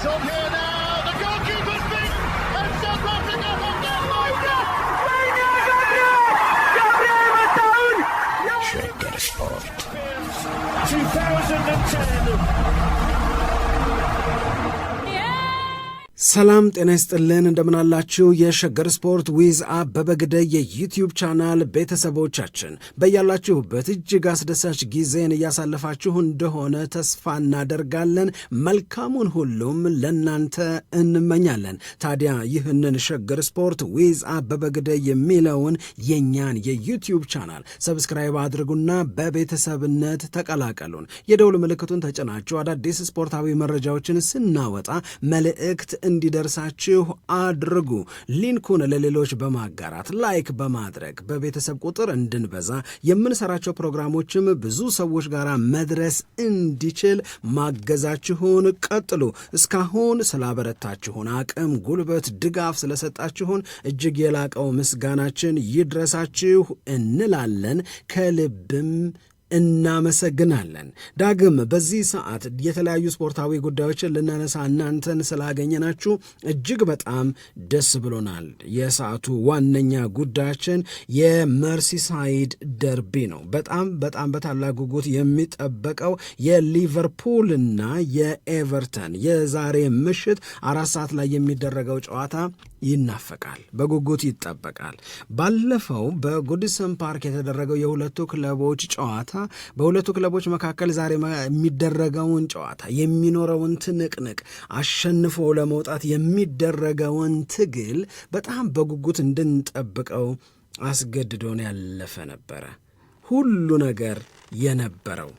It's okay. ሰላም ጤና ይስጥልን፣ እንደምናላችሁ የሸገር ስፖርት ዊዝ አበበ ግደይ የዩትዩብ ቻናል ቤተሰቦቻችን በያላችሁበት እጅግ አስደሳች ጊዜን እያሳለፋችሁ እንደሆነ ተስፋ እናደርጋለን። መልካሙን ሁሉም ለናንተ እንመኛለን። ታዲያ ይህንን ሸገር ስፖርት ዊዝ አበበ ግደይ የሚለውን የእኛን የዩትዩብ ቻናል ሰብስክራይብ አድርጉና በቤተሰብነት ተቀላቀሉን። የደውል ምልክቱን ተጭናችሁ አዳዲስ ስፖርታዊ መረጃዎችን ስናወጣ መልእክት እንዲደርሳችሁ አድርጉ። ሊንኩን ለሌሎች በማጋራት ላይክ በማድረግ በቤተሰብ ቁጥር እንድንበዛ የምንሰራቸው ፕሮግራሞችም ብዙ ሰዎች ጋር መድረስ እንዲችል ማገዛችሁን ቀጥሉ። እስካሁን ስላበረታችሁን አቅም፣ ጉልበት፣ ድጋፍ ስለሰጣችሁን እጅግ የላቀው ምስጋናችን ይድረሳችሁ እንላለን ከልብም እናመሰግናለን። ዳግም በዚህ ሰዓት የተለያዩ ስፖርታዊ ጉዳዮችን ልናነሳ እናንተን ስላገኘናችሁ እጅግ በጣም ደስ ብሎናል። የሰዓቱ ዋነኛ ጉዳያችን የመርሲሳይድ ደርቢ ነው። በጣም በጣም በታላቅ ጉጉት የሚጠበቀው የሊቨርፑልና የኤቨርተን የዛሬ ምሽት አራት ሰዓት ላይ የሚደረገው ጨዋታ ይናፈቃል፣ በጉጉት ይጠበቃል። ባለፈው በጉድሰን ፓርክ የተደረገው የሁለቱ ክለቦች ጨዋታ በሁለቱ ክለቦች መካከል ዛሬ የሚደረገውን ጨዋታ የሚኖረውን ትንቅንቅ አሸንፎ ለመውጣት የሚደረገውን ትግል በጣም በጉጉት እንድንጠብቀው አስገድዶን ያለፈ ነበረ። ሁሉ ነገር የነበረው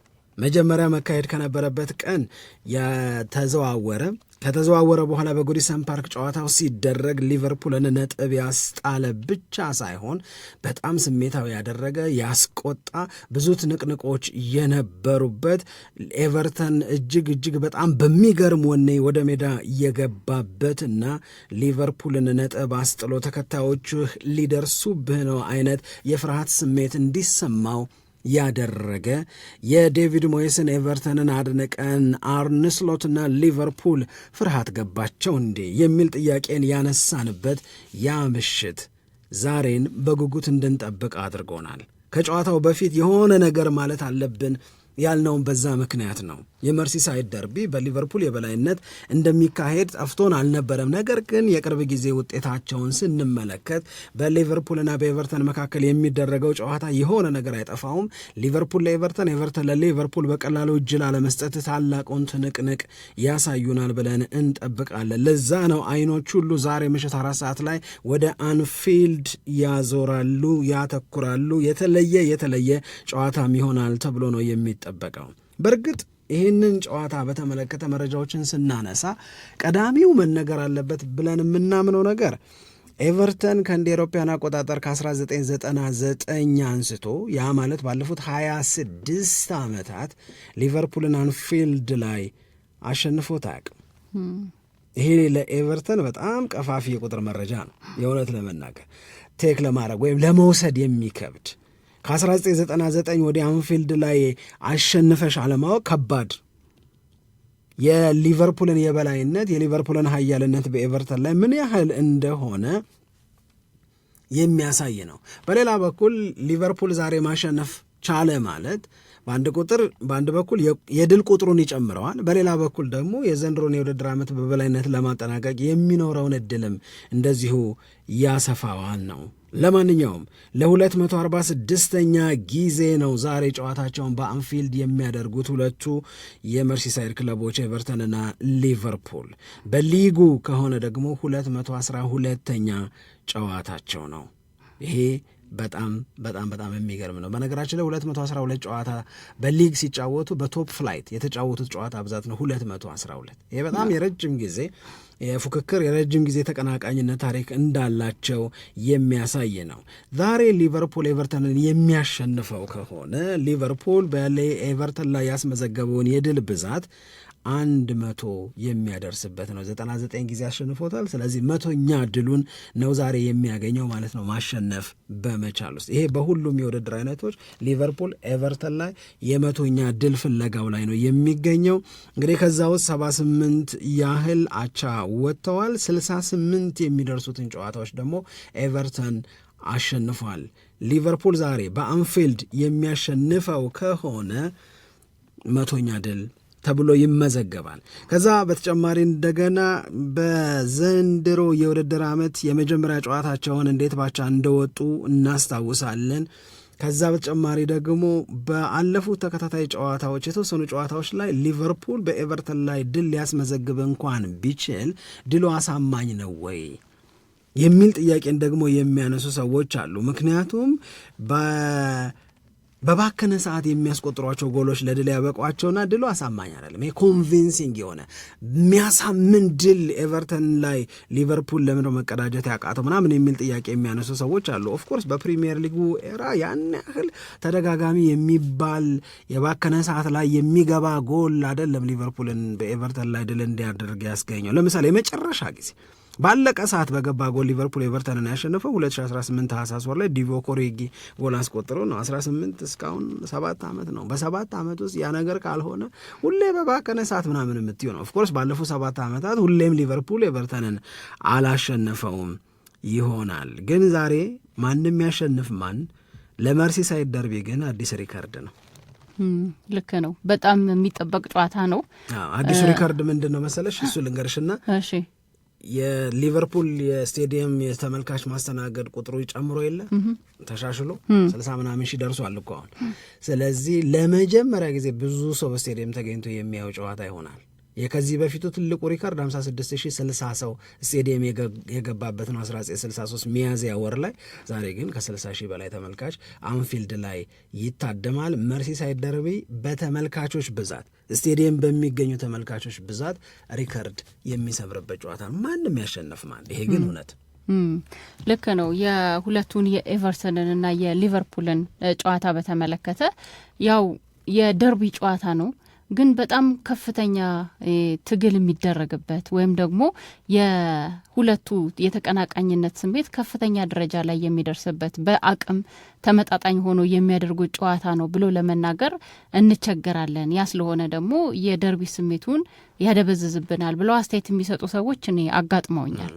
መጀመሪያ መካሄድ ከነበረበት ቀን የተዘዋወረ ከተዘዋወረ በኋላ በጉዲሰን ፓርክ ጨዋታው ሲደረግ ሊቨርፑልን ነጥብ ያስጣለ ብቻ ሳይሆን በጣም ስሜታዊ ያደረገ ያስቆጣ፣ ብዙ ትንቅንቆች የነበሩበት ኤቨርተን እጅግ እጅግ በጣም በሚገርም ወኔ ወደ ሜዳ የገባበት እና ሊቨርፑልን ነጥብ አስጥሎ ተከታዮች ሊደርሱብህ ነው አይነት የፍርሃት ስሜት እንዲሰማው ያደረገ የዴቪድ ሞይስን ኤቨርተንን አድንቀን አርንስሎትና ሊቨርፑል ፍርሃት ገባቸው እንዴ የሚል ጥያቄን ያነሳንበት ያ ምሽት ዛሬን በጉጉት እንድንጠብቅ አድርጎናል። ከጨዋታው በፊት የሆነ ነገር ማለት አለብን ያልነውም በዛ ምክንያት ነው። የመርሲሳይድ ደርቢ በሊቨርፑል የበላይነት እንደሚካሄድ ጠፍቶን አልነበረም። ነገር ግን የቅርብ ጊዜ ውጤታቸውን ስንመለከት በሊቨርፑልና በኤቨርተን መካከል የሚደረገው ጨዋታ የሆነ ነገር አይጠፋውም። ሊቨርፑል ለኤቨርተን፣ ኤቨርተን ለሊቨርፑል በቀላሉ እጅ ላለመስጠት ታላቁን ትንቅንቅ ያሳዩናል ብለን እንጠብቃለን። ለዛ ነው አይኖች ሁሉ ዛሬ ምሽት አራት ሰዓት ላይ ወደ አንፊልድ ያዞራሉ፣ ያተኩራሉ። የተለየ የተለየ ጨዋታም ይሆናል ተብሎ ነው የሚጠበቀው በእርግጥ ይህንን ጨዋታ በተመለከተ መረጃዎችን ስናነሳ ቀዳሚው መነገር አለበት ብለን የምናምነው ነገር ኤቨርተን ከእንደ ኤሮፓያን አቆጣጠር ከ1999 አንስቶ ያ ማለት ባለፉት 26 ዓመታት ሊቨርፑልን አንፊልድ ላይ አሸንፎት አያውቅም። ይሄ ለኤቨርተን በጣም ቀፋፊ የቁጥር መረጃ ነው። የእውነት ለመናገር ቴክ ለማድረግ ወይም ለመውሰድ የሚከብድ ከ1999 ወደ አንፊልድ ላይ አሸንፈሽ አለማወቅ ከባድ የሊቨርፑልን የበላይነት የሊቨርፑልን ኃያልነት በኤቨርተን ላይ ምን ያህል እንደሆነ የሚያሳይ ነው። በሌላ በኩል ሊቨርፑል ዛሬ ማሸነፍ ቻለ ማለት በአንድ ቁጥር በአንድ በኩል የድል ቁጥሩን ይጨምረዋል፣ በሌላ በኩል ደግሞ የዘንድሮን የውድድር ዓመት በበላይነት ለማጠናቀቅ የሚኖረውን እድልም እንደዚሁ ያሰፋዋል ነው ለማንኛውም ለ246ኛ ጊዜ ነው ዛሬ ጨዋታቸውን በአንፊልድ የሚያደርጉት ሁለቱ የመርሲሳይድ ክለቦች ኤቨርተንና ሊቨርፑል። በሊጉ ከሆነ ደግሞ 212ኛ ጨዋታቸው ነው ይሄ በጣም በጣም በጣም የሚገርም ነው። በነገራችን ላይ 212 ጨዋታ በሊግ ሲጫወቱ በቶፕ ፍላይት የተጫወቱት ጨዋታ ብዛት ነው 212። ይሄ በጣም የረጅም ጊዜ የፉክክር የረጅም ጊዜ ተቀናቃኝነት ታሪክ እንዳላቸው የሚያሳይ ነው። ዛሬ ሊቨርፑል ኤቨርተንን የሚያሸንፈው ከሆነ ሊቨርፑል ኤቨርተን ላይ ያስመዘገበውን የድል ብዛት አንድ መቶ የሚያደርስበት ነው። ዘጠና ዘጠኝ ጊዜ አሸንፎታል። ስለዚህ መቶኛ ድሉን ነው ዛሬ የሚያገኘው ማለት ነው ማሸነፍ በመቻል ውስጥ ይሄ በሁሉም የውድድር አይነቶች ሊቨርፑል ኤቨርተን ላይ የመቶኛ ድል ፍለጋው ላይ ነው የሚገኘው። እንግዲህ ከዛ ውስጥ ሰባ ስምንት ያህል አቻ ወጥተዋል። ስልሳ ስምንት የሚደርሱትን ጨዋታዎች ደግሞ ኤቨርተን አሸንፏል። ሊቨርፑል ዛሬ በአንፊልድ የሚያሸንፈው ከሆነ መቶኛ ድል ተብሎ ይመዘገባል። ከዛ በተጨማሪ እንደገና በዘንድሮ የውድድር ዓመት የመጀመሪያ ጨዋታቸውን እንዴት ባቻ እንደወጡ እናስታውሳለን። ከዛ በተጨማሪ ደግሞ በአለፉት ተከታታይ ጨዋታዎች የተወሰኑ ጨዋታዎች ላይ ሊቨርፑል በኤቨርተን ላይ ድል ሊያስመዘግብ እንኳን ቢችል ድሉ አሳማኝ ነው ወይ የሚል ጥያቄን ደግሞ የሚያነሱ ሰዎች አሉ። ምክንያቱም በባከነ ሰዓት የሚያስቆጥሯቸው ጎሎች ለድል ያበቋቸውና ድሉ አሳማኝ አይደለም። ይሄ ኮንቪንሲንግ የሆነ የሚያሳምን ድል ኤቨርተን ላይ ሊቨርፑል ለምንድነው መቀዳጀት ያቃተው ምናምን የሚል ጥያቄ የሚያነሱ ሰዎች አሉ። ኦፍኮርስ በፕሪሚየር ሊጉ ኤራ ያን ያህል ተደጋጋሚ የሚባል የባከነ ሰዓት ላይ የሚገባ ጎል አይደለም ሊቨርፑልን በኤቨርተን ላይ ድል እንዲያደርግ ያስገኘው። ለምሳሌ የመጨረሻ ጊዜ ባለቀ ሰዓት በገባ ጎል ሊቨርፑል ኤቨርተንን ያሸነፈው 2018 ታህሳስ ወር ላይ ዲቮ ኦሪጊ ጎል አስቆጥሮ ነው። 18 እስካሁን ሰባት ዓመት ነው። በሰባት ዓመት ውስጥ ያ ነገር ካልሆነ ሁሌ በባከነ ሰዓት ምናምን የምትዩ ነው። ኦፍኮርስ ባለፉት ሰባት ዓመታት ሁሌም ሊቨርፑል ኤቨርተንን አላሸነፈውም ይሆናል። ግን ዛሬ ማንም ያሸንፍ ማን ለመርሲሳይድ ደርቢ ግን አዲስ ሪከርድ ነው። ልክ ነው። በጣም የሚጠበቅ ጨዋታ ነው። አዲሱ ሪከርድ ምንድን ነው መሰለሽ? እሱ ልንገርሽና የሊቨርፑል የስቴዲየም የተመልካች ማስተናገድ ቁጥሩ ጨምሮ የለ ተሻሽሎ ስልሳ ምናምን ሺ ደርሷል እኮ አሁን። ስለዚህ ለመጀመሪያ ጊዜ ብዙ ሰው በስቴዲየም ተገኝቶ የሚያየው ጨዋታ ይሆናል። የከዚህ በፊቱ ትልቁ ሪከርድ 56060 ሰው ስቴዲየም የገባበት ነው 1963 ሚያዝያ ወር ላይ። ዛሬ ግን ከ60 ሺህ በላይ ተመልካች አንፊልድ ላይ ይታደማል። መርሲሳይድ ደርቢ በተመልካቾች ብዛት ስቴዲየም በሚገኙ ተመልካቾች ብዛት ሪከርድ የሚሰብርበት ጨዋታ ነው። ማንም ያሸነፍ ማን። ይሄ ግን እውነት ልክ ነው። የሁለቱን እና የሊቨርፑልን ጨዋታ በተመለከተ ያው የደርቢ ጨዋታ ነው ግን በጣም ከፍተኛ ትግል የሚደረግበት ወይም ደግሞ ሁለቱ የተቀናቃኝነት ስሜት ከፍተኛ ደረጃ ላይ የሚደርስበት በአቅም ተመጣጣኝ ሆኖ የሚያደርጉት ጨዋታ ነው ብሎ ለመናገር እንቸገራለን። ያ ስለሆነ ደግሞ የደርቢ ስሜቱን ያደበዝዝብናል ብለው አስተያየት የሚሰጡ ሰዎች እኔ አጋጥመውኛል።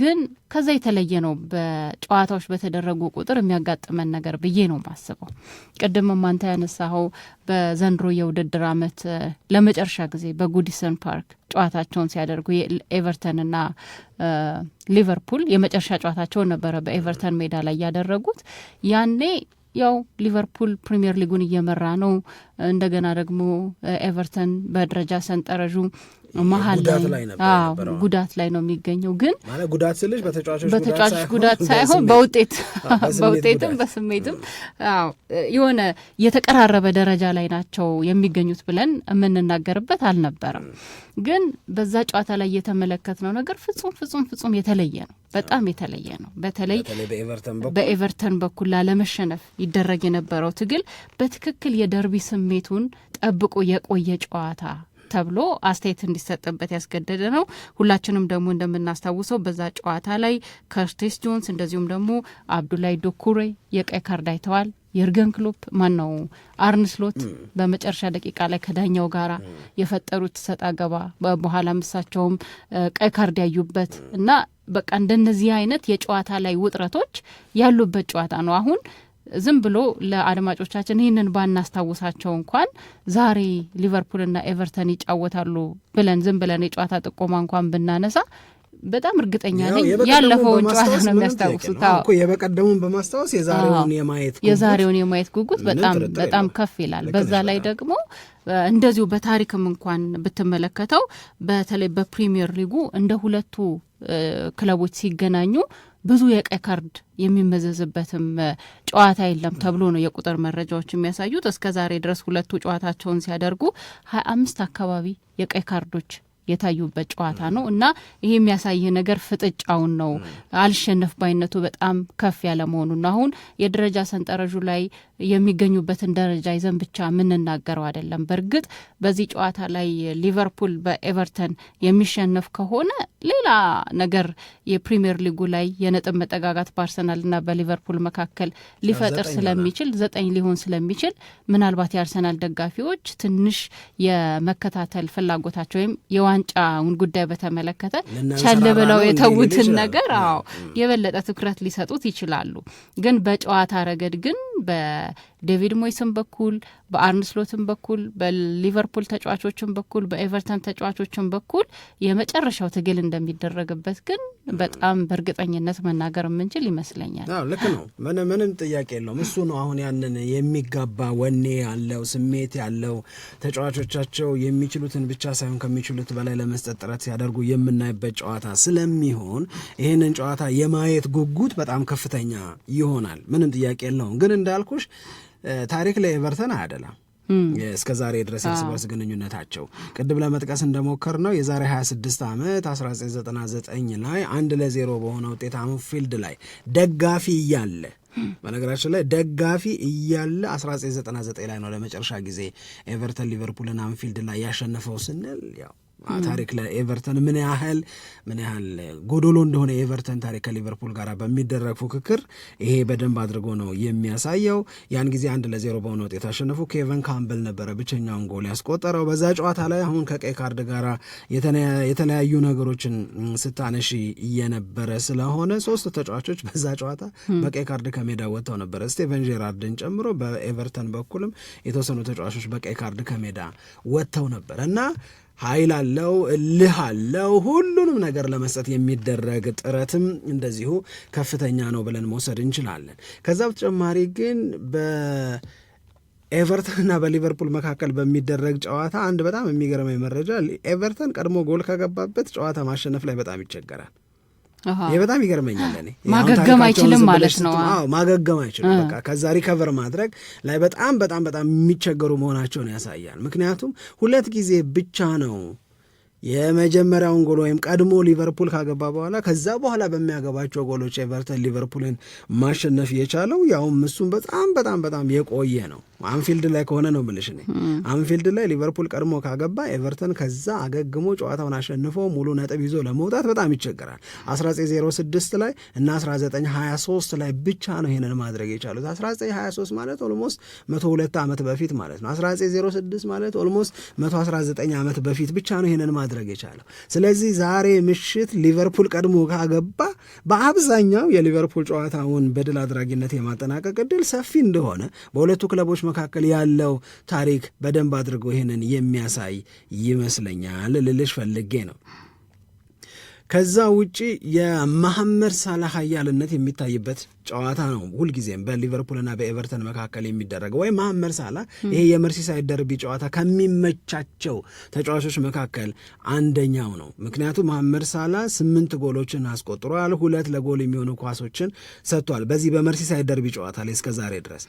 ግን ከዛ የተለየ ነው በጨዋታዎች በተደረጉ ቁጥር የሚያጋጥመን ነገር ብዬ ነው ማስበው። ቅድምም አንተ ያነሳኸው በዘንድሮ የውድድር አመት ለመጨረሻ ጊዜ በጉዲሰን ፓርክ ጨዋታቸውን ሲያደርጉ ኤቨርተንና ሊቨርፑል የመጨረሻ ጨዋታቸውን ነበረ በኤቨርተን ሜዳ ላይ ያደረጉት። ያኔ ያው ሊቨርፑል ፕሪምየር ሊጉን እየመራ ነው። እንደገና ደግሞ ኤቨርተን በደረጃ ሰንጠረዡ መሀል ላይ ጉዳት ላይ ነው የሚገኘው። ግን ጉዳት ስልሽ በተጫዋቾች ጉዳት ሳይሆን በውጤት በውጤትም በስሜትም የሆነ የተቀራረበ ደረጃ ላይ ናቸው የሚገኙት ብለን የምንናገርበት አልነበረም። ግን በዛ ጨዋታ ላይ የተመለከትነው ነገር ፍጹም ፍጹም ፍጹም የተለየ ነው። በጣም የተለየ ነው። በተለይ በኤቨርተን በኩል ላለመሸነፍ ይደረግ የነበረው ትግል በትክክል የደርቢ ስሜቱን ጠብቆ የቆየ ጨዋታ ተብሎ አስተያየት እንዲሰጥበት ያስገደደ ነው። ሁላችንም ደግሞ እንደምናስታውሰው በዛ ጨዋታ ላይ ከርቲስ ጆንስ እንደዚሁም ደግሞ አብዱላይ ዶኩሬ የቀይ ካርድ አይተዋል። የርገን ክሎፕ ማን ነው አርንስሎት በመጨረሻ ደቂቃ ላይ ከዳኛው ጋራ የፈጠሩት ሰጣ ገባ በኋላ ምሳቸውም ቀይ ካርድ ያዩበት እና በቃ እንደነዚህ አይነት የጨዋታ ላይ ውጥረቶች ያሉበት ጨዋታ ነው አሁን ዝም ብሎ ለአድማጮቻችን ይህንን ባናስታውሳቸው እንኳን ዛሬ ሊቨርፑልና ኤቨርተን ይጫወታሉ ብለን ዝም ብለን የጨዋታ ጥቆማ እንኳን ብናነሳ በጣም እርግጠኛ ነኝ ያለፈውን ጨዋታ ነው የሚያስታውሱት። የበቀደሙን በማስታወስ የዛሬውን የማየት ጉጉት በጣም በጣም ከፍ ይላል። በዛ ላይ ደግሞ እንደዚሁ በታሪክም እንኳን ብትመለከተው በተለይ በፕሪሚየር ሊጉ እንደ ሁለቱ ክለቦች ሲገናኙ ብዙ የቀይ ካርድ የሚመዘዝበትም ጨዋታ የለም ተብሎ ነው የቁጥር መረጃዎች የሚያሳዩት። እስከ ዛሬ ድረስ ሁለቱ ጨዋታቸውን ሲያደርጉ ሀያ አምስት አካባቢ የቀይ ካርዶች የታዩበት ጨዋታ ነው እና ይሄ የሚያሳይ ነገር ፍጥጫውን ነው። አልሸነፍ ባይነቱ በጣም ከፍ ያለ መሆኑን አሁን የደረጃ ሰንጠረዡ ላይ የሚገኙበትን ደረጃ ይዘን ብቻ የምንናገረው አይደለም። በእርግጥ በዚህ ጨዋታ ላይ ሊቨርፑል በኤቨርተን የሚሸነፍ ከሆነ ሌላ ነገር የፕሪምየር ሊጉ ላይ የነጥብ መጠጋጋት በአርሰናልና በሊቨርፑል መካከል ሊፈጥር ስለሚችል ዘጠኝ ሊሆን ስለሚችል ምናልባት የአርሰናል ደጋፊዎች ትንሽ የመከታተል ፍላጎታቸው ወይም የዋንጫውን ጉዳይ በተመለከተ ቸል ብለው የተዉትን ነገር አዎ የበለጠ ትኩረት ሊሰጡት ይችላሉ። ግን በጨዋታ ረገድ ግን በዴቪድ ሞይስም በኩል በአርንስሎትም በኩል በሊቨርፑል ተጫዋቾችም በኩል በኤቨርተን ተጫዋቾችም በኩል የመጨረሻው ትግል እንደሚደረግበት ግን በጣም በእርግጠኝነት መናገር የምንችል ይመስለኛል። ልክ ነው። ምንም ጥያቄ የለውም። እሱ ነው አሁን ያንን የሚጋባ ወኔ ያለው ስሜት ያለው ተጫዋቾቻቸው የሚችሉትን ብቻ ሳይሆን ከሚችሉት በላይ ለመስጠት ጥረት ሲያደርጉ የምናይበት ጨዋታ ስለሚሆን ይህንን ጨዋታ የማየት ጉጉት በጣም ከፍተኛ ይሆናል። ምንም ጥያቄ የለውም። ግን እንዳልኩሽ ታሪክ ለኤቨርተን አያደላም። እስከ ዛሬ ድረስ እርስ በርስ ግንኙነታቸው ቅድም ለመጥቀስ እንደሞከር ነው የዛሬ 26 ዓመት 1999 ላይ አንድ ለዜሮ በሆነ ውጤት አንፊልድ ላይ ደጋፊ እያለ በነገራችን ላይ ደጋፊ እያለ 1999 ላይ ነው ለመጨረሻ ጊዜ ኤቨርተን ሊቨርፑልን አንፊልድ ላይ ያሸነፈው ስንል ያው ታሪክ ለኤቨርተን ምን ያህል ምን ያህል ጎዶሎ እንደሆነ የኤቨርተን ታሪክ ከሊቨርፑል ጋር በሚደረግ ፉክክር ይሄ በደንብ አድርጎ ነው የሚያሳየው። ያን ጊዜ አንድ ለዜሮ በሆነ ውጤት አሸነፉ። ኬቨን ካምበል ነበረ ብቸኛውን ጎል ያስቆጠረው በዛ ጨዋታ ላይ። አሁን ከቀይ ካርድ ጋር የተለያዩ ነገሮችን ስታነሺ እየነበረ ስለሆነ ሶስት ተጫዋቾች በዛ ጨዋታ በቀይ ካርድ ከሜዳ ወጥተው ነበረ፣ ስቴቨን ጄራርድን ጨምሮ። በኤቨርተን በኩልም የተወሰኑ ተጫዋቾች በቀይ ካርድ ከሜዳ ወጥተው ነበረ እና ኃይል አለው፣ እልህ አለው። ሁሉንም ነገር ለመስጠት የሚደረግ ጥረትም እንደዚሁ ከፍተኛ ነው ብለን መውሰድ እንችላለን። ከዛ በተጨማሪ ግን በኤቨርተን እና በሊቨርፑል መካከል በሚደረግ ጨዋታ አንድ በጣም የሚገርመኝ መረጃ ኤቨርተን ቀድሞ ጎል ከገባበት ጨዋታ ማሸነፍ ላይ በጣም ይቸገራል። ይሄ በጣም ይገርመኛል። እኔ ማገገም አይችልም ማለት ነው። አዎ ማገገም አይችልም። በቃ ከዛ ሪከቨር ማድረግ ላይ በጣም በጣም በጣም የሚቸገሩ መሆናቸውን ያሳያል። ምክንያቱም ሁለት ጊዜ ብቻ ነው የመጀመሪያውን ጎል ወይም ቀድሞ ሊቨርፑል ካገባ በኋላ ከዛ በኋላ በሚያገባቸው ጎሎች ኤቨርተን ሊቨርፑልን ማሸነፍ የቻለው ያውም እሱም በጣም በጣም በጣም የቆየ ነው። አንፊልድ ላይ ከሆነ ነው ምልሽ እኔ አንፊልድ ላይ ሊቨርፑል ቀድሞ ካገባ ኤቨርተን ከዛ አገግሞ ጨዋታውን አሸንፎ ሙሉ ነጥብ ይዞ ለመውጣት በጣም ይቸገራል። 1906 ላይ እና 1923 ላይ ብቻ ነው ይሄንን ማድረግ የቻሉት። 1923 ማለት ኦልሞስት 102 ዓመት በፊት ማለት ነው። 1906 ማለት ኦልሞስት 119 ዓመት በፊት ብቻ ነው ይሄንን ማድረግ የቻለው። ስለዚህ ዛሬ ምሽት ሊቨርፑል ቀድሞ ካገባ በአብዛኛው የሊቨርፑል ጨዋታውን በድል አድራጊነት የማጠናቀቅ እድል ሰፊ እንደሆነ በሁለቱ ክለቦች መካከል ያለው ታሪክ በደንብ አድርጎ ይህንን የሚያሳይ ይመስለኛል ልልሽ ፈልጌ ነው። ከዛ ውጪ የመሐመድ ሳላህ ኃያልነት የሚታይበት ጨዋታ ነው ሁልጊዜም በሊቨርፑልና በኤቨርተን መካከል የሚደረገው ወይም መሐመድ ሳላ ይሄ የመርሲሳይድ ደርቢ ጨዋታ ከሚመቻቸው ተጫዋቾች መካከል አንደኛው ነው። ምክንያቱም መሐመድ ሳላ ስምንት ጎሎችን አስቆጥሯል። ሁለት ለጎል የሚሆኑ ኳሶችን ሰጥቷል። በዚህ በመርሲሳይድ ደርቢ ጨዋታ ላይ እስከ ዛሬ ድረስ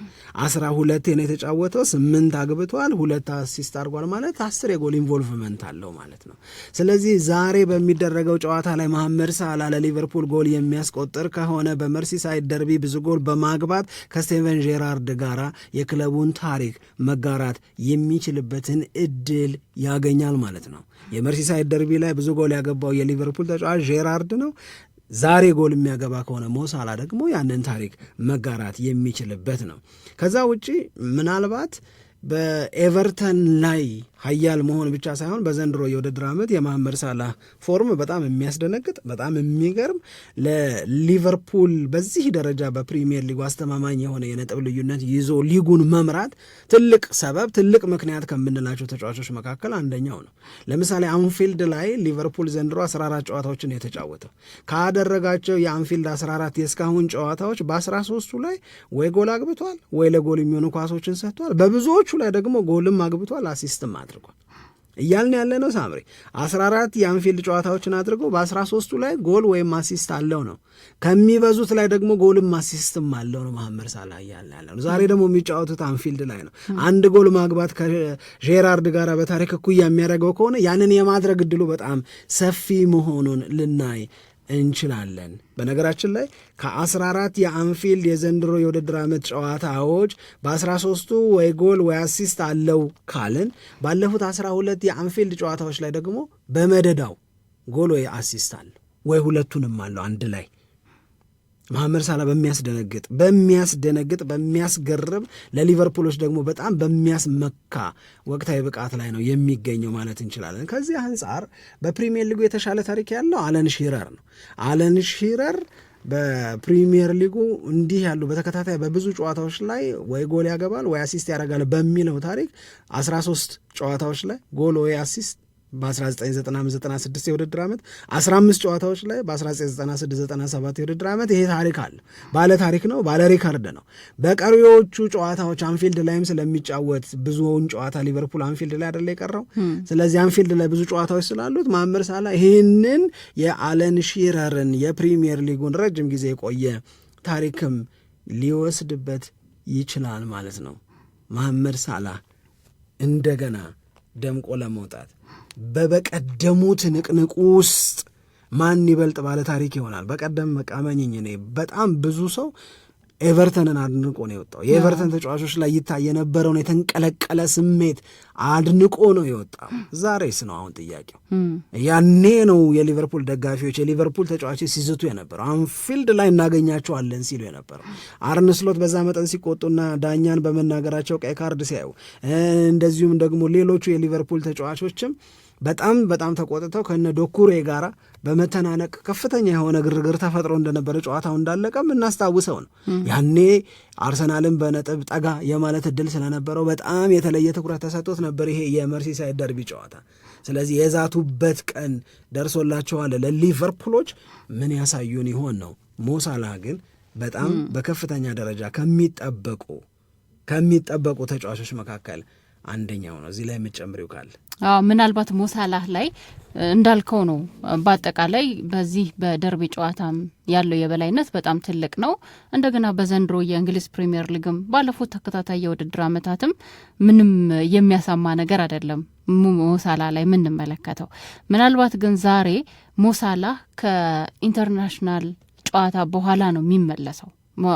አስራ ሁለት ነው የተጫወተው፣ ስምንት አግብቷል፣ ሁለት አሲስት አድርጓል። ማለት አስር የጎል ኢንቮልቭመንት አለው ማለት ነው። ስለዚህ ዛሬ በሚደረገው ጨዋታ ላይ መሐመድ ሳላ ለሊቨርፑል ጎል የሚያስቆጥር ከሆነ በመርሲሳይድ ደርቢ አጨብጫቢ ብዙ ጎል በማግባት ከስቴቨን ጄራርድ ጋር የክለቡን ታሪክ መጋራት የሚችልበትን እድል ያገኛል ማለት ነው። የመርሲሳይድ ደርቢ ላይ ብዙ ጎል ያገባው የሊቨርፑል ተጫዋች ጄራርድ ነው። ዛሬ ጎል የሚያገባ ከሆነ ሞሳላ ደግሞ ያንን ታሪክ መጋራት የሚችልበት ነው። ከዛ ውጪ ምናልባት በኤቨርተን ላይ ሀያል መሆን ብቻ ሳይሆን በዘንድሮ የውድድር ዓመት የማህመድ ሳላ ፎርም በጣም የሚያስደነግጥ በጣም የሚገርም ለሊቨርፑል በዚህ ደረጃ በፕሪሚየር ሊጉ አስተማማኝ የሆነ የነጥብ ልዩነት ይዞ ሊጉን መምራት ትልቅ ሰበብ ትልቅ ምክንያት ከምንላቸው ተጫዋቾች መካከል አንደኛው ነው። ለምሳሌ አንፊልድ ላይ ሊቨርፑል ዘንድሮ 14 ጨዋታዎችን የተጫወተው ካደረጋቸው የአንፊልድ 14 የእስካሁን ጨዋታዎች በ13ቱ ላይ ወይ ጎል አግብቷል ወይ ለጎል የሚሆኑ ኳሶችን ሰጥቷል። በብዙዎች ጨዋታዎቹ ላይ ደግሞ ጎልም አግብቷል፣ አሲስትም አድርጓል። እያልን ያለ ነው ሳምሪ 14 የአንፊልድ ጨዋታዎችን አድርጎ በ13ቱ ላይ ጎል ወይም አሲስት አለው ነው። ከሚበዙት ላይ ደግሞ ጎልም አሲስትም አለው ነው መሐመድ ሳላ እያልን ያለ ነው። ዛሬ ደግሞ የሚጫወቱት አንፊልድ ላይ ነው። አንድ ጎል ማግባት ከጄራርድ ጋር በታሪክ እኩያ የሚያደርገው ከሆነ ያንን የማድረግ እድሉ በጣም ሰፊ መሆኑን ልናይ እንችላለን። በነገራችን ላይ ከ14 የአንፊልድ የዘንድሮ የውድድር ዓመት ጨዋታዎች በ13ቱ ወይ ጎል ወይ አሲስት አለው ካልን ባለፉት 12 የአንፊልድ ጨዋታዎች ላይ ደግሞ በመደዳው ጎል ወይ አሲስት አለው ወይ ሁለቱንም አለው አንድ ላይ መሐመድ ሳላ በሚያስደነግጥ በሚያስደነግጥ በሚያስገርም ለሊቨርፑሎች ደግሞ በጣም በሚያስመካ ወቅታዊ ብቃት ላይ ነው የሚገኘው ማለት እንችላለን። ከዚህ አንጻር በፕሪሚየር ሊጉ የተሻለ ታሪክ ያለው አለን ሺረር ነው። አለን ሺረር በፕሪሚየር ሊጉ እንዲህ ያሉ በተከታታይ በብዙ ጨዋታዎች ላይ ወይ ጎል ያገባል ወይ አሲስት ያደርጋል በሚለው ታሪክ 13 ጨዋታዎች ላይ ጎል ወይ አሲስት በ 1995 የውድድር ዓመት 15 ጨዋታዎች ላይ በ1996/97 የውድድር ዓመት ይሄ ታሪክ አለ። ባለ ታሪክ ነው፣ ባለ ሪከርድ ነው። በቀሪዎቹ ጨዋታዎች አንፊልድ ላይም ስለሚጫወት ብዙውን ጨዋታ ሊቨርፑል አንፊልድ ላይ አደለ የቀረው። ስለዚህ አንፊልድ ላይ ብዙ ጨዋታዎች ስላሉት ማመር ሳላ ይህንን የአለን ሺረርን የፕሪሚየር ሊጉን ረጅም ጊዜ የቆየ ታሪክም ሊወስድበት ይችላል ማለት ነው። መሐመድ ሳላ እንደገና ደምቆ ለመውጣት በበቀደሙት ንቅንቅ ውስጥ ማን ይበልጥ ባለ ታሪክ ይሆናል? በቀደም መቃመኝኝ እኔ በጣም ብዙ ሰው ኤቨርተንን አድንቆ ነው የወጣው። የኤቨርተን ተጫዋቾች ላይ ይታይ የነበረውን የተንቀለቀለ ስሜት አድንቆ ነው የወጣው። ዛሬስ ነው አሁን ጥያቄው። ያኔ ነው የሊቨርፑል ደጋፊዎች የሊቨርፑል ተጫዋቾች ሲዝቱ የነበረው፣ አንፊልድ ላይ እናገኛቸዋለን ሲሉ የነበረው። አርነ ስሎት በዛ መጠን ሲቆጡና ዳኛን በመናገራቸው ቀይ ካርድ ሲያዩ እንደዚሁም ደግሞ ሌሎቹ የሊቨርፑል ተጫዋቾችም በጣም በጣም ተቆጥተው ከነ ዶኩሬ ጋራ በመተናነቅ ከፍተኛ የሆነ ግርግር ተፈጥሮ እንደነበረ ጨዋታው እንዳለቀ የምናስታውሰው ነው። ያኔ አርሰናልን በነጥብ ጠጋ የማለት እድል ስለነበረው በጣም የተለየ ትኩረት ተሰጥቶት ነበር ይሄ የመርሲሳይድ ደርቢ ጨዋታ። ስለዚህ የዛቱበት ቀን ደርሶላቸዋል ለሊቨርፑሎች። ምን ያሳዩን ይሆን ነው። ሞሳላ ግን በጣም በከፍተኛ ደረጃ ከሚጠበቁ ከሚጠበቁ ተጫዋቾች መካከል አንደኛው ነው። እዚህ ላይ የምትጨምሪው ካለ ምናልባት ሞሳላህ ላይ እንዳልከው ነው። በአጠቃላይ በዚህ በደርቢ ጨዋታም ያለው የበላይነት በጣም ትልቅ ነው። እንደገና በዘንድሮ የእንግሊዝ ፕሪምየር ሊግም ባለፉት ተከታታይ የውድድር ዓመታትም ምንም የሚያሳማ ነገር አይደለም ሞሳላ ላይ የምንመለከተው። ምናልባት ግን ዛሬ ሞሳላህ ከኢንተርናሽናል ጨዋታ በኋላ ነው የሚመለሰው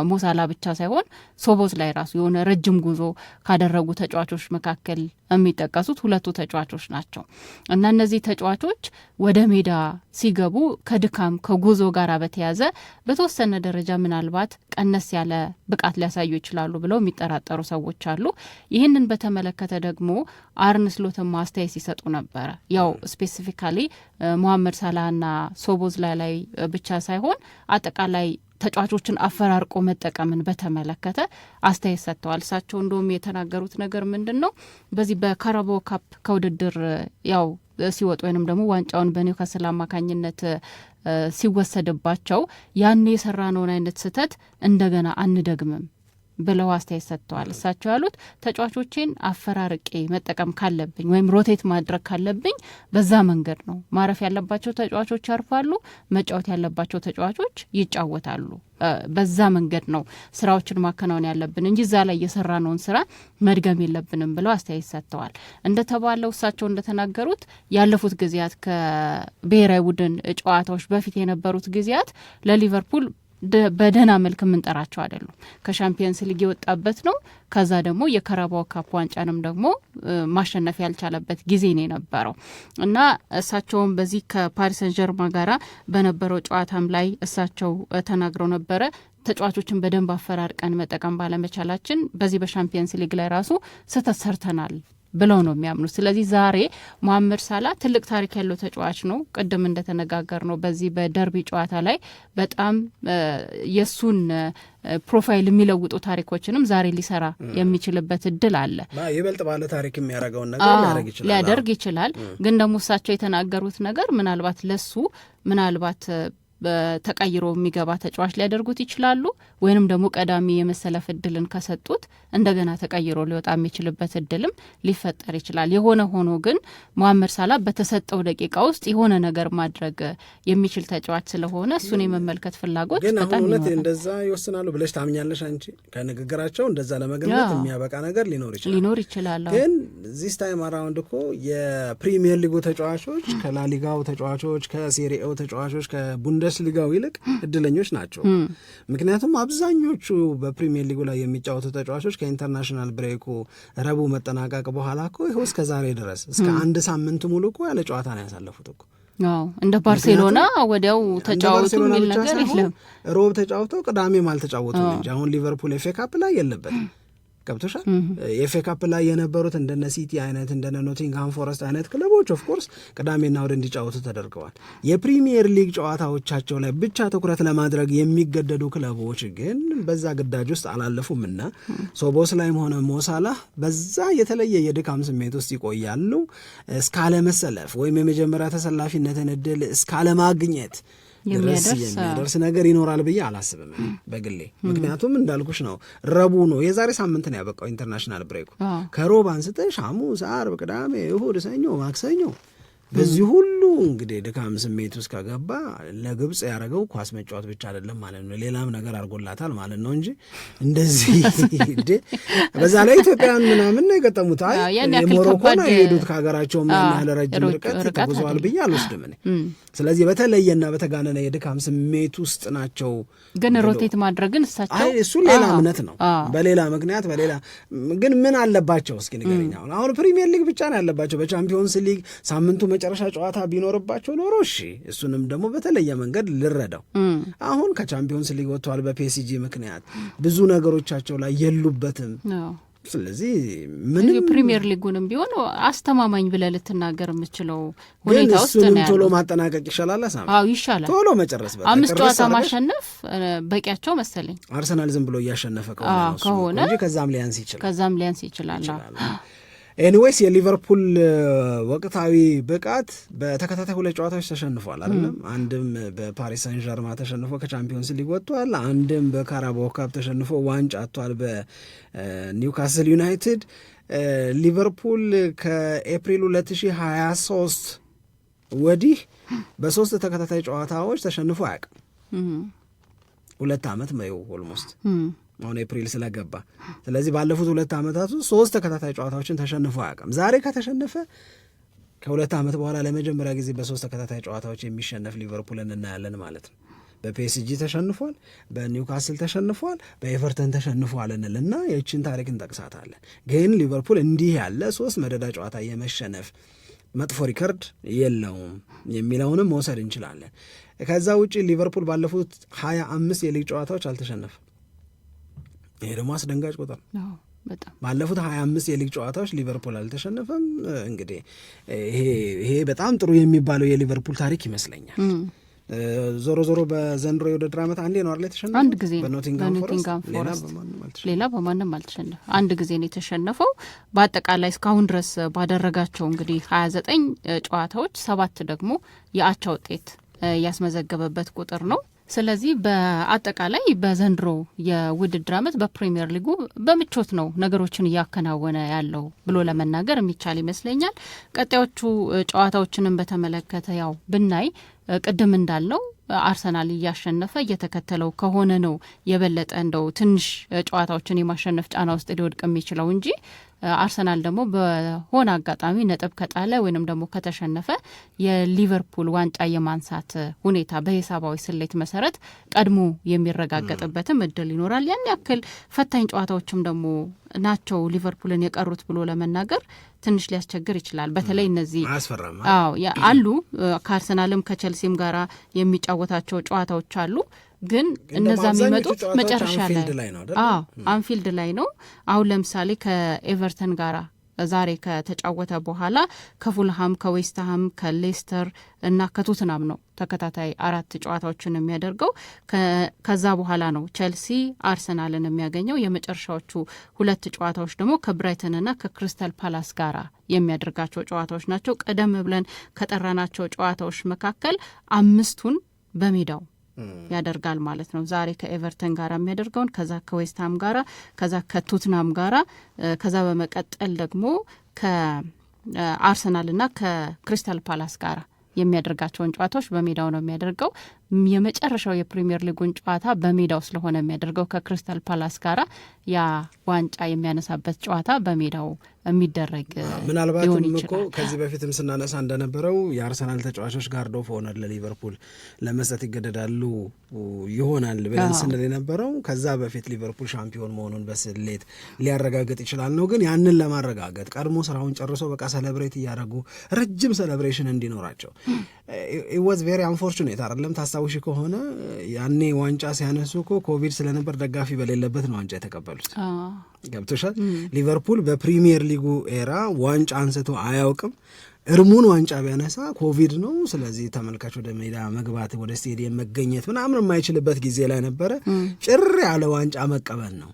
ሞሳላ ብቻ ሳይሆን ሶቦዝ ላይ ራሱ የሆነ ረጅም ጉዞ ካደረጉ ተጫዋቾች መካከል የሚጠቀሱት ሁለቱ ተጫዋቾች ናቸው እና እነዚህ ተጫዋቾች ወደ ሜዳ ሲገቡ ከድካም ከጉዞ ጋር በተያዘ በተወሰነ ደረጃ ምናልባት ቀነስ ያለ ብቃት ሊያሳዩ ይችላሉ ብለው የሚጠራጠሩ ሰዎች አሉ። ይህንን በተመለከተ ደግሞ አርን ስሎትም አስተያየት ሲሰጡ ነበረ። ያው ስፔሲፊካሊ ሞሐመድ ሳላህና ሶቦዝ ላይ ላይ ብቻ ሳይሆን አጠቃላይ ተጫዋቾችን አፈራርቆ መጠቀምን በተመለከተ አስተያየት ሰጥተዋል። እሳቸው እንደውም የተናገሩት ነገር ምንድን ነው? በዚህ በካራባኦ ካፕ ከውድድር ያው ሲወጡ ወይንም ደግሞ ዋንጫውን በኒውካስል አማካኝነት ሲወሰድባቸው ያን የሰራነውን አይነት ስህተት እንደገና አንደግምም ብለው አስተያየት ሰጥተዋል። እሳቸው ያሉት ተጫዋቾቼን አፈራርቄ መጠቀም ካለብኝ ወይም ሮቴት ማድረግ ካለብኝ በዛ መንገድ ነው። ማረፍ ያለባቸው ተጫዋቾች ያርፋሉ፣ መጫወት ያለባቸው ተጫዋቾች ይጫወታሉ። በዛ መንገድ ነው ስራዎችን ማከናወን ያለብን እንጂ እዛ ላይ የሰራ ነውን ስራ መድገም የለብንም ብለው አስተያየት ሰጥተዋል። እንደተባለው እሳቸው እንደተናገሩት ያለፉት ጊዜያት ከብሔራዊ ቡድን ጨዋታዎች በፊት የነበሩት ጊዜያት ለሊቨርፑል በደህና መልክ የምንጠራቸው አይደሉም። ከሻምፒየንስ ሊግ የወጣበት ነው። ከዛ ደግሞ የከረባው ካፕ ዋንጫንም ደግሞ ማሸነፍ ያልቻለበት ጊዜ ነው የነበረው እና እሳቸውም በዚህ ከፓሪሰን ጀርማ ጋራ በነበረው ጨዋታም ላይ እሳቸው ተናግረው ነበረ ተጫዋቾችን በደንብ አፈራርቀን መጠቀም ባለመቻላችን በዚህ በሻምፒየንስ ሊግ ላይ ራሱ ስህተት ሰርተናል ብለው ነው የሚያምኑት። ስለዚህ ዛሬ መሐመድ ሳላ ትልቅ ታሪክ ያለው ተጫዋች ነው። ቅድም እንደተነጋገር ነው በዚህ በደርቢ ጨዋታ ላይ በጣም የእሱን ፕሮፋይል የሚለውጡ ታሪኮችንም ዛሬ ሊሰራ የሚችልበት እድል አለ። ይበልጥ ባለ ታሪክ የሚያደርገውን ነገር ሊያደርግ ይችላል። ግን ደግሞ እሳቸው የተናገሩት ነገር ምናልባት ለሱ ምናልባት ተቀይሮ የሚገባ ተጫዋች ሊያደርጉት ይችላሉ። ወይንም ደግሞ ቀዳሚ የመሰለፍ እድልን ከሰጡት እንደገና ተቀይሮ ሊወጣ የሚችልበት እድልም ሊፈጠር ይችላል። የሆነ ሆኖ ግን መሐመድ ሳላ በተሰጠው ደቂቃ ውስጥ የሆነ ነገር ማድረግ የሚችል ተጫዋች ስለሆነ እሱን የመመልከት ፍላጎት ግን አሁን እውነት እንደዛ ይወስናሉ ብለሽ ታምኛለሽ አንቺ? ከንግግራቸው እንደዛ ለመገመት የሚያበቃ ነገር ሊኖር ይችላል ሊኖር ይችላል። ግን ዚስ ታይም አራውንድ እኮ የፕሪሚየር ሊጉ ተጫዋቾች ከላሊጋው ተጫዋቾች ከሴሪኤው ተጫዋቾች ከቡንደስ ከቡንደስሊጋው ይልቅ እድለኞች ናቸው። ምክንያቱም አብዛኞቹ በፕሪሚየር ሊጉ ላይ የሚጫወቱ ተጫዋቾች ከኢንተርናሽናል ብሬኩ ረቡ መጠናቀቅ በኋላ እኮ ይኸው እስከ ዛሬ ድረስ እስከ አንድ ሳምንት ሙሉ እኮ ያለ ጨዋታ ነው ያሳለፉት እኮ እንደ ባርሴሎና ወዲያው ተጫወቱ የሚል ነገር የለም። ሮብ ተጫውተው ቅዳሜ ማልተጫወቱ እንጂ አሁን ሊቨርፑል ኤፍ ካፕ ላይ የለበትም ገብቶሻል። የኤፌ ካፕ ላይ የነበሩት እንደነ ሲቲ አይነት እንደነ ኖቲንግሃም ፎረስት አይነት ክለቦች ኦፍኮርስ ቅዳሜና እሑድ እንዲጫወቱ ተደርገዋል። የፕሪሚየር ሊግ ጨዋታዎቻቸው ላይ ብቻ ትኩረት ለማድረግ የሚገደዱ ክለቦች ግን በዛ ግዳጅ ውስጥ አላለፉም እና ሶቦስ ላይም ሆነ ሞሳላ በዛ የተለየ የድካም ስሜት ውስጥ ይቆያሉ። እስካለመሰለፍ ወይም የመጀመሪያ ተሰላፊነትን እድል እስካለማግኘት ድረስ የሚያደርስ ነገር ይኖራል ብዬ አላስብም በግሌ። ምክንያቱም እንዳልኩሽ ነው፣ ረቡዕ ነው የዛሬ ሳምንት ነው ያበቃው ኢንተርናሽናል ብሬኩ። ከሮብ አንስተሽ ሐሙስ፣ ዓርብ፣ ቅዳሜ፣ እሁድ፣ ሰኞ፣ ማክሰኞ በዚህ ሁሉ እንግዲህ ድካም ስሜት ውስጥ ከገባ ለግብፅ ያደረገው ኳስ መጫወት ብቻ አይደለም ማለት ነው፣ ሌላም ነገር አድርጎላታል ማለት ነው እንጂ እንደዚህ በዛ ላይ ኢትዮጵያን ምናምን ነው የገጠሙት። አይ የሞሮኮ ነው የሄዱት ከሀገራቸው ምናምን ረጅም ርቀት ተጉዘዋል ብዬ አልወስድም እኔ። ስለዚህ በተለየና በተጋነነ የድካም ስሜት ውስጥ ናቸው። ግን ሮቴት ማድረግን እሳቸው እሱ ሌላ እምነት ነው፣ በሌላ ምክንያት በሌላ ግን ምን አለባቸው እስኪ ንገረኝ። አሁን ፕሪሚየር ሊግ ብቻ ነው ያለባቸው። በቻምፒዮንስ ሊግ ሳምንቱ መ የመጨረሻ ጨዋታ ቢኖርባቸው ኖሮ እሺ፣ እሱንም ደግሞ በተለየ መንገድ ልረዳው። አሁን ከቻምፒዮንስ ሊግ ወጥተዋል። በፒኤስጂ ምክንያት ብዙ ነገሮቻቸው ላይ የሉበትም። ስለዚህ ምንም ፕሪሚየር ሊጉንም ቢሆን አስተማማኝ ብለህ ልትናገር የምችለው ሁኔታ ውስጥ ቶሎ ማጠናቀቅ ይሻላል። አሳ አዎ ይሻላል። ቶሎ መጨረስ አምስት ጨዋታ ማሸነፍ በቂያቸው መሰለኝ። አርሰናል ዝም ብሎ እያሸነፈ ከሆነ ከሆነ ከዛም ሊያንስ ይችላል። ከዛም ሊያንስ ይችላል። ኤኒዌይስ የሊቨርፑል ወቅታዊ ብቃት በተከታታይ ሁለት ጨዋታዎች ተሸንፏል አይደለም። አንድም በፓሪስ ሳን ዠርማ ተሸንፎ ከቻምፒዮንስ ሊግ ወጥቷል። አንድም በካራባኦ ካፕ ተሸንፎ ዋንጫ አጥቷል በኒውካስል ዩናይትድ። ሊቨርፑል ከኤፕሪል 2023 ወዲህ በሶስት ተከታታይ ጨዋታዎች ተሸንፎ አያውቅም። ሁለት ዓመት መይው ኦልሞስት አሁን ኤፕሪል ስለገባ ስለዚህ ባለፉት ሁለት ዓመታት ውስጥ ሶስት ተከታታይ ጨዋታዎችን ተሸንፎ አያውቅም። ዛሬ ከተሸነፈ ከሁለት ዓመት በኋላ ለመጀመሪያ ጊዜ በሶስት ተከታታይ ጨዋታዎች የሚሸነፍ ሊቨርፑልን እናያለን ማለት ነው። በፒኤስጂ ተሸንፏል፣ በኒውካስል ተሸንፏል፣ በኤቨርተን ተሸንፏል እና የችን ታሪክ እንጠቅሳታለን። ግን ሊቨርፑል እንዲህ ያለ ሶስት መደዳ ጨዋታ የመሸነፍ መጥፎ ሪከርድ የለውም የሚለውንም መውሰድ እንችላለን። ከዛ ውጭ ሊቨርፑል ባለፉት ሀያ አምስት የሊግ ጨዋታዎች አልተሸነፈም። ይሄ ደግሞ አስደንጋጭ ቁጥር ነው። ባለፉት ሀያ አምስት የሊግ ጨዋታዎች ሊቨርፑል አልተሸነፈም። እንግዲህ ይሄ በጣም ጥሩ የሚባለው የሊቨርፑል ታሪክ ይመስለኛል። ዞሮ ዞሮ በዘንድሮ የውድድር ዓመት አንዴ ነው አይደል የተሸነፈው? አንድ ጊዜ በኖቲንጋም ፎረስት፣ ሌላ በማንም አልተሸነፈ። አንድ ጊዜ ነው የተሸነፈው። በአጠቃላይ እስካሁን ድረስ ባደረጋቸው እንግዲህ ሀያ ዘጠኝ ጨዋታዎች ሰባት ደግሞ የአቻ ውጤት ያስመዘገበበት ቁጥር ነው። ስለዚህ በአጠቃላይ በዘንድሮ የውድድር ዓመት በፕሪሚየር ሊጉ በምቾት ነው ነገሮችን እያከናወነ ያለው ብሎ ለመናገር የሚቻል ይመስለኛል። ቀጣዮቹ ጨዋታዎችንም በተመለከተ ያው ብናይ ቅድም እንዳልነው አርሰናል እያሸነፈ እየተከተለው ከሆነ ነው የበለጠ እንደው ትንሽ ጨዋታዎችን የማሸነፍ ጫና ውስጥ ሊወድቅ የሚችለው እንጂ አርሰናል ደግሞ በሆነ አጋጣሚ ነጥብ ከጣለ ወይንም ደግሞ ከተሸነፈ የሊቨርፑል ዋንጫ የማንሳት ሁኔታ በሂሳባዊ ስሌት መሰረት ቀድሞ የሚረጋገጥበትም እድል ይኖራል። ያን ያክል ፈታኝ ጨዋታዎችም ደግሞ ናቸው ሊቨርፑልን የቀሩት ብሎ ለመናገር ትንሽ ሊያስቸግር ይችላል። በተለይ እነዚህ አዎ አሉ ከአርሰናልም ከቸልሲም ጋራ የሚጫወታቸው ጨዋታዎች አሉ። ግን እነዛ የሚመጡት መጨረሻ ላይ አንፊልድ ላይ ነው። አሁን ለምሳሌ ከኤቨርተን ጋራ ዛሬ ከተጫወተ በኋላ ከፉልሃም፣ ከዌስትሃም፣ ከሌስተር እና ከቶትናም ነው ተከታታይ አራት ጨዋታዎችን የሚያደርገው። ከዛ በኋላ ነው ቼልሲ አርሰናልን የሚያገኘው። የመጨረሻዎቹ ሁለት ጨዋታዎች ደግሞ ከብራይተንና ከክሪስታል ፓላስ ጋራ የሚያደርጋቸው ጨዋታዎች ናቸው። ቀደም ብለን ከጠራናቸው ጨዋታዎች መካከል አምስቱን በሜዳው ያደርጋል ማለት ነው። ዛሬ ከኤቨርተን ጋር የሚያደርገውን ከዛ ከዌስትሃም ጋራ ከዛ ከቶትናም ጋራ ከዛ በመቀጠል ደግሞ ከአርሰናልና ከክሪስታል ፓላስ ጋራ የሚያደርጋቸውን ጨዋታዎች በሜዳው ነው የሚያደርገው። የመጨረሻው የፕሪምየር ሊጉን ጨዋታ በሜዳው ስለሆነ የሚያደርገው ከክሪስታል ፓላስ ጋራ ያ ዋንጫ የሚያነሳበት ጨዋታ በሜዳው የሚደረግ ምናልባትም እኮ ከዚህ በፊትም ስናነሳ እንደነበረው የአርሰናል ተጫዋቾች ጋርድ ኦፍ ኦነር ለሊቨርፑል ለመስጠት ይገደዳሉ ይሆናል ብለን ስንል የነበረው ከዛ በፊት ሊቨርፑል ሻምፒዮን መሆኑን በስሌት ሊያረጋግጥ ይችላል ነው። ግን ያንን ለማረጋገጥ ቀድሞ ስራውን ጨርሶ በቃ ሰለብሬት እያደረጉ ረጅም ሰለብሬሽን እንዲኖራቸው ኢወዝ ቬሪ አንፎርቹኔት አይደለም። ታስታውሺ ከሆነ ያኔ ዋንጫ ሲያነሱ እኮ ኮቪድ ስለነበር ደጋፊ በሌለበት ነው ዋንጫ የተቀበሉት። ገብቶሻል። ሊቨርፑል በፕሪሚየር ሊጉ ኤራ ዋንጫ አንስቶ አያውቅም። እርሙን ዋንጫ ቢያነሳ ኮቪድ ነው። ስለዚህ ተመልካች ወደ ሜዳ መግባት፣ ወደ ስቴዲየም መገኘት ምናምን የማይችልበት ጊዜ ላይ ነበረ። ጭር ያለ ዋንጫ መቀበል ነው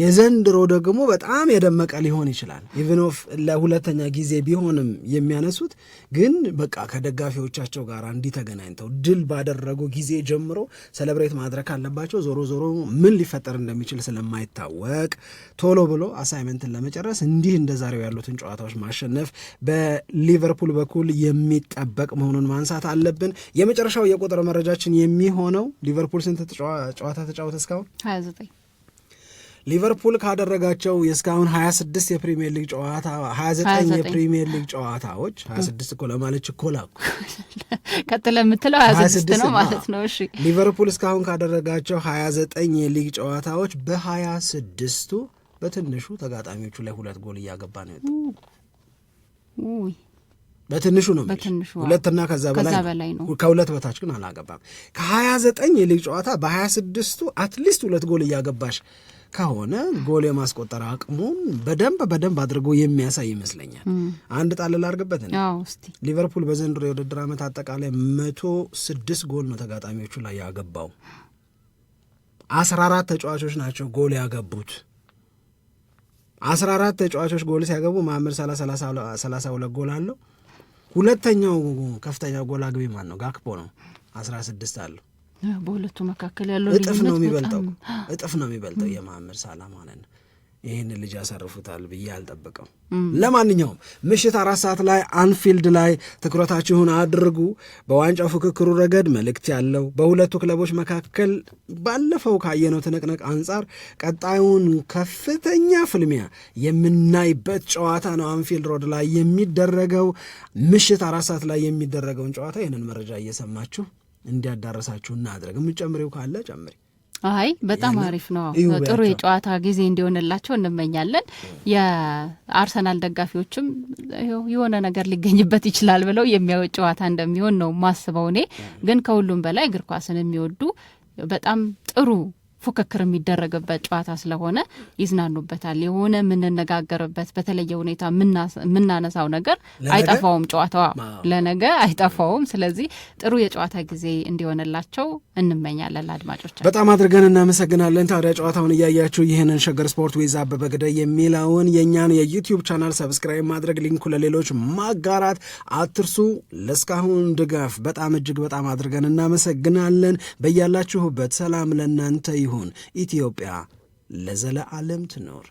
የዘንድሮ ደግሞ በጣም የደመቀ ሊሆን ይችላል። ኢቨን ኦፍ ለሁለተኛ ጊዜ ቢሆንም የሚያነሱት ግን በቃ ከደጋፊዎቻቸው ጋር እንዲህ ተገናኝተው ድል ባደረጉ ጊዜ ጀምሮ ሰለብሬት ማድረግ አለባቸው። ዞሮ ዞሮ ምን ሊፈጠር እንደሚችል ስለማይታወቅ ቶሎ ብሎ አሳይመንትን ለመጨረስ እንዲህ እንደ ዛሬው ያሉትን ጨዋታዎች ማሸነፍ በሊቨርፑል በኩል የሚጠበቅ መሆኑን ማንሳት አለብን። የመጨረሻው የቁጥር መረጃችን የሚሆነው ሊቨርፑል ስንት ጨዋታ ተጫወተ እስካሁን? 29 ሊቨርፑል ካደረጋቸው የእስካሁን 26 የፕሪሚየር ሊግ ጨዋታ 29 የፕሪሚየር ሊግ ጨዋታዎች 26 እኮ እኮ ላኩ ቀጥለ የምትለው 26 ነው ማለት ነው። እሺ ሊቨርፑል እስካሁን ካደረጋቸው 29 የሊግ ጨዋታዎች በ26ቱ በትንሹ ተጋጣሚዎቹ ላይ ሁለት ጎል እያገባ ነው የወጣው። በትንሹ ነው ሁለትና ከዛ በላይ ነው። ከሁለት በታች ግን አላገባም። ከ29 የሊግ ጨዋታ በ26ቱ አትሊስት ሁለት ጎል እያገባሽ ከሆነ ጎል የማስቆጠር አቅሙን በደንብ በደንብ አድርጎ የሚያሳይ ይመስለኛል። አንድ ጣል ላርግበት። ሊቨርፑል በዘንድሮ የውድድር ዓመት አጠቃላይ መቶ ስድስት ጎል ነው ተጋጣሚዎቹ ላይ ያገባው። አስራ አራት ተጫዋቾች ናቸው ጎል ያገቡት። አስራ አራት ተጫዋቾች ጎል ሲያገቡ ማምር ሰላሳ ሁለት ጎል አለው። ሁለተኛው ከፍተኛ ጎል አግቢ ማን ነው? ጋክፖ ነው፣ አስራ ስድስት አለው። በሁለቱ መካከል ያለው እጥፍ ነው የሚበልጠው እጥፍ ነው የሚበልጠው የማምር ሳላ ማለት ነው። ይህን ልጅ ያሰርፉታል ብዬ አልጠብቅም። ለማንኛውም ምሽት አራት ሰዓት ላይ አንፊልድ ላይ ትኩረታችሁን አድርጉ። በዋንጫው ፍክክሩ ረገድ መልእክት ያለው በሁለቱ ክለቦች መካከል ባለፈው ካየነው ትንቅንቅ አንጻር ቀጣዩን ከፍተኛ ፍልሚያ የምናይበት ጨዋታ ነው። አንፊልድ ሮድ ላይ የሚደረገው ምሽት አራት ሰዓት ላይ የሚደረገውን ጨዋታ ይህንን መረጃ እየሰማችሁ እንዲያዳረሳችሁ እናድረግ። የምጨምሬው ካለ ጨምሬ አይ በጣም አሪፍ ነው። ጥሩ የጨዋታ ጊዜ እንዲሆንላቸው እንመኛለን። የአርሰናል ደጋፊዎችም የሆነ ነገር ሊገኝበት ይችላል ብለው የሚያወጥ ጨዋታ እንደሚሆን ነው ማስበው። እኔ ግን ከሁሉም በላይ እግር ኳስን የሚወዱ በጣም ጥሩ ፉክክር የሚደረግበት ጨዋታ ስለሆነ ይዝናኑበታል። የሆነ የምንነጋገርበት በተለየ ሁኔታ የምናነሳው ነገር አይጠፋውም። ጨዋታዋ ለነገ አይጠፋውም። ስለዚህ ጥሩ የጨዋታ ጊዜ እንዲሆንላቸው እንመኛለን። አድማጮች በጣም አድርገን እናመሰግናለን። ታዲያ ጨዋታውን እያያችሁ ይህንን ሸገር ስፖርት ዊዝ አበበ ግደይ የሚለውን የእኛን የዩቲዩብ ቻናል ሰብስክራይብ ማድረግ፣ ሊንኩ ለሌሎች ማጋራት አትርሱ። ለእስካሁን ድጋፍ በጣም እጅግ በጣም አድርገን እናመሰግናለን። በያላችሁበት ሰላም ለእናንተ ይሁን። ትሁን። ኢትዮጵያ ለዘለዓለም ትኖር።